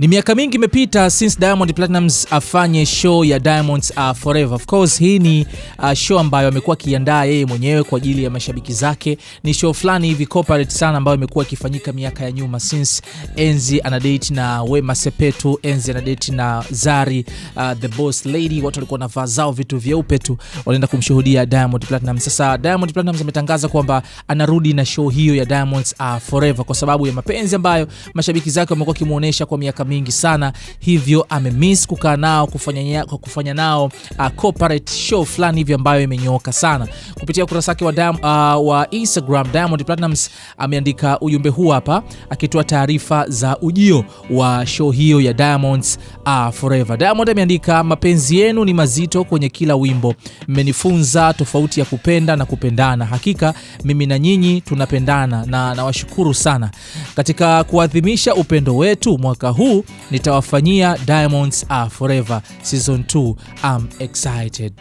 Ni miaka mingi imepita since Diamond Platnumz afanye show ya Diamonds Are uh, Forever. Of course, hii ni uh, show ambayo amekuwa akiandaa yeye mwenyewe kwa ajili ya mashabiki zake. Ni show fulani hivi corporate sana ambayo imekuwa ikifanyika miaka ya nyuma since enzi ana date na Wema Sepetu, enzi ana date na Zari, uh, the boss lady, watu walikuwa wanavaa zao vitu vyeupe tu, walienda kumshuhudia Diamond Platnumz. Sasa Diamond Platnumz ametangaza kwamba anarudi na show hiyo ya Diamonds Are uh, Forever kwa sababu ya mapenzi ambayo mashabiki zake wamekuwa kimuonesha kwa miaka mingi sana, hivyo amemis kukaa nao kufanya, kufanya nao uh, corporate show fulani hivyo ambayo imenyooka sana. Kupitia ukurasa wake wa, uh, wa Instagram Diamond platinums ameandika ujumbe huu hapa akitoa taarifa za ujio wa show hiyo ya Diamonds uh, Forever. Diamond ameandika mapenzi yenu ni mazito kwenye kila wimbo, mmenifunza tofauti ya kupenda na kupendana. Hakika mimi na nyinyi tunapendana na nawashukuru sana katika kuadhimisha upendo wetu mwaka huu nitawafanyia Diamonds Are Forever season 2. I'm excited.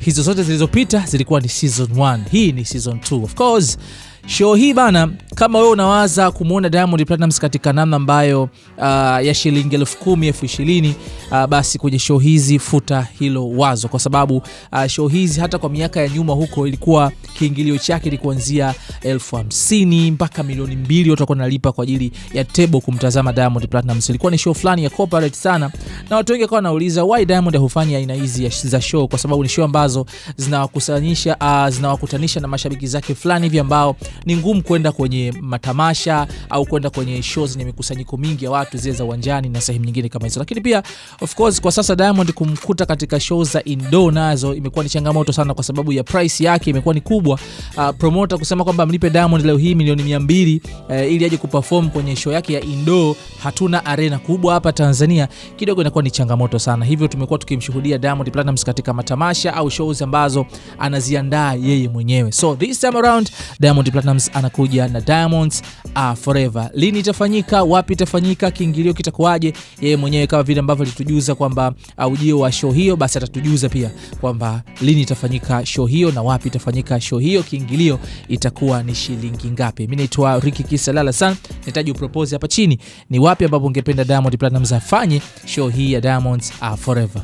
Hizo zote zilizopita zilikuwa ni season 1, hii ni season 2. Of course Show hii bana, kama wewe unawaza kumwona Diamond Platnumz katika namna ambayo uh, ya shilingi elfu kumi elfu ishirini uh, basi kwenye show hizi futa hilo wazo, kwa sababu uh, show hizi hata kwa miaka ya nyuma huko ilikuwa kiingilio chake ni kuanzia elfu hamsini mpaka milioni mbili watu watakuwa nalipa kwa ajili ya tebo kumtazama Diamond Platnumz. Ilikuwa ni show fulani ya corporate sana na watu wengi wakawa wanauliza why Diamond hufanyi aina hizi za show, kwa sababu ni show ambazo zinawakusanyisha uh, zinawakutanisha na mashabiki zake fulani hivi ambao ni ngumu kwenda kwenye matamasha au kwenda kwenye show zenye mikusanyiko mingi ya watu zile za uwanjani na sehemu nyingine kama hizo. Lakini pia of course kwa sasa Diamond kumkuta katika show za indoor nazo imekuwa ni changamoto sana, kwa sababu ya price yake imekuwa ni kubwa. Uh, promoter kusema kwamba mlipe Diamond leo hii milioni 200 uh, eh, ili aje kuperform kwenye show yake ya indoor, hatuna arena kubwa hapa Tanzania, kidogo inakuwa ni changamoto sana, hivyo tumekuwa tukimshuhudia Diamond Platnumz katika matamasha au shows ambazo anaziandaa yeye mwenyewe. So this time around Diamond Platnumz anakuja na Diamonds Are Forever. Lini itafanyika? Wapi itafanyika? Kiingilio kitakuwaje? Yeye mwenyewe kama vile ambavyo alitujuza kwamba uh, ujio wa show hiyo, basi atatujuza pia kwamba lini itafanyika show hiyo na wapi itafanyika show hiyo, kiingilio itakuwa ni shilingi ngapi. Mimi naitwa Ricky Kisalala sana, nitaji upropose hapa chini ni wapi ambapo ungependa Diamond Platnumz afanye show hii Your diamonds are forever.